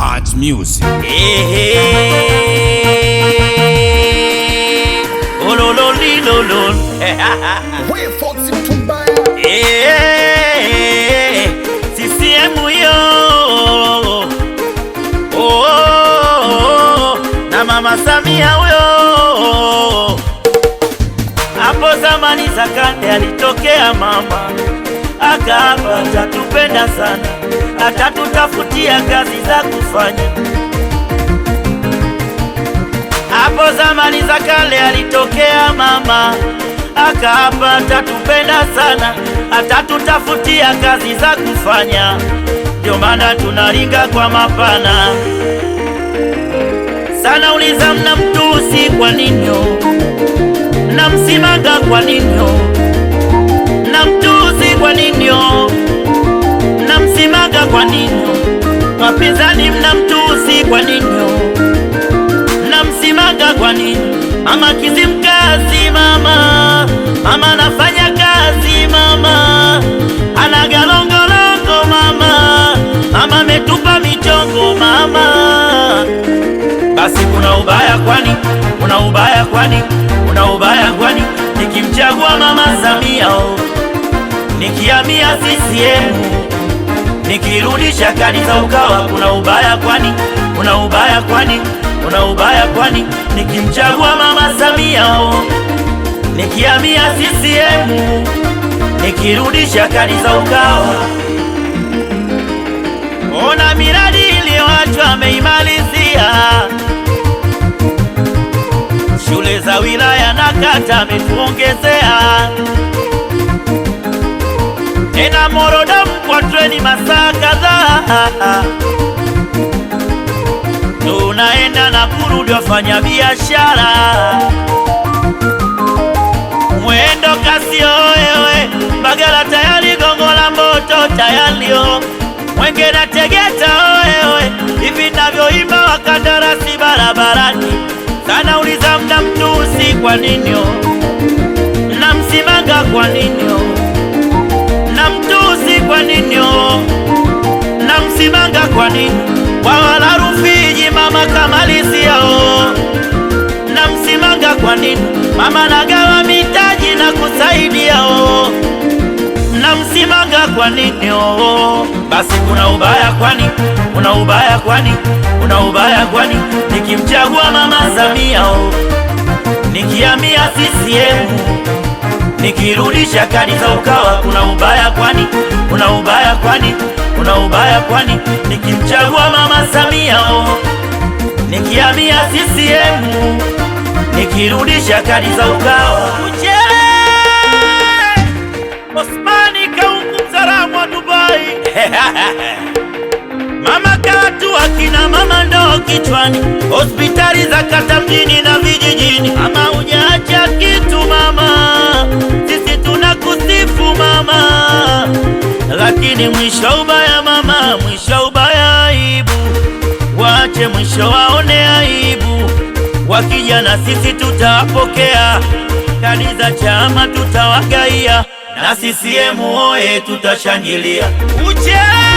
Pod Music. Hey, hey. Oh, lo, lo, li, lo, lo. hey, hey, hey. CCM yo oh, oh, oh, oh. na Mama Samia huyo hapo zamani za kande alitokea mama akaapa, atatupenda sana, atatutafutia kazi za kufanya. Hapo zamani za kale alitokea mama akaapa, atatupenda sana, atatutafutia kazi za kufanya. Ndio maana tunaringa kwa mapana sana, uliza mna mtusi kwa ninyo na msimaga kwa ninyo na mtu kwa ninyo, mnamsimaga kwa ninyo, wapinzani mnamtusi kwa ninyo, mnamsimaga kwa ninyo. Mama Kizimkazi, mama mama anafanya kazi, mama anagalongolongo, mama mama ametupa michongo, mama basi kuna ubaya kwani, kuna ubaya kwani, kuna ubaya kwani nikimchagua mama Samia nikiamia CCM nikirudisha kadi za Ukawa, kuna ubaya kwani? Kuna ubaya kwani? Kuna ubaya kwani? Nikimchagua mama Samia o oh. nikihamia CCM nikirudisha za Ukawa. Ona miradi iliyoachwa ameimalizia, shule za wilaya na kata ametuongezea tena Morodamu kwa treni masaa kadhaa, tunaenda na kurudi, wafanya biashara mwendo kasi oeoe, Mbagala tayari, Gongo la Mboto tayalio, Mwenge na Tegeta oeoe, hivi navyoima wakandarasi barabarani sana, uliza mna Mtusi kwa ninyo na Msimanga kwa ninyo Oh. Namsimanga malisi na msimanga kwa nini? Mama nagawa mitaji na kusaidia oh. na msimanga kwa nini? Oo, oh. basi kuna ubaya kwani? Kuna ubaya kwani? Kuna ubaya kwani? Nikimchagua Mama Samia oo, sisi CCM nikirudisha kadi za Ukawa, kuna ubaya kwani? Kuna ubaya kwani? Kuna ubaya kwani? Nikimchagua Mama Samia o nikiamia CCM nikirudisha kadi za Ukawa. Osmani Kaungu msalamu wa Dubai mama katu akina mama ndoo kichwani, hospitali za kata mjini na vijijini, ama hujaacha kitu mama, sisi tunakusifu mama, lakini mwisho ubaya wote mwisho waone aibu. Wakija na sisi tutawapokea, kadi za chama tutawagaia, na sisiemu oye tutashangilia ucha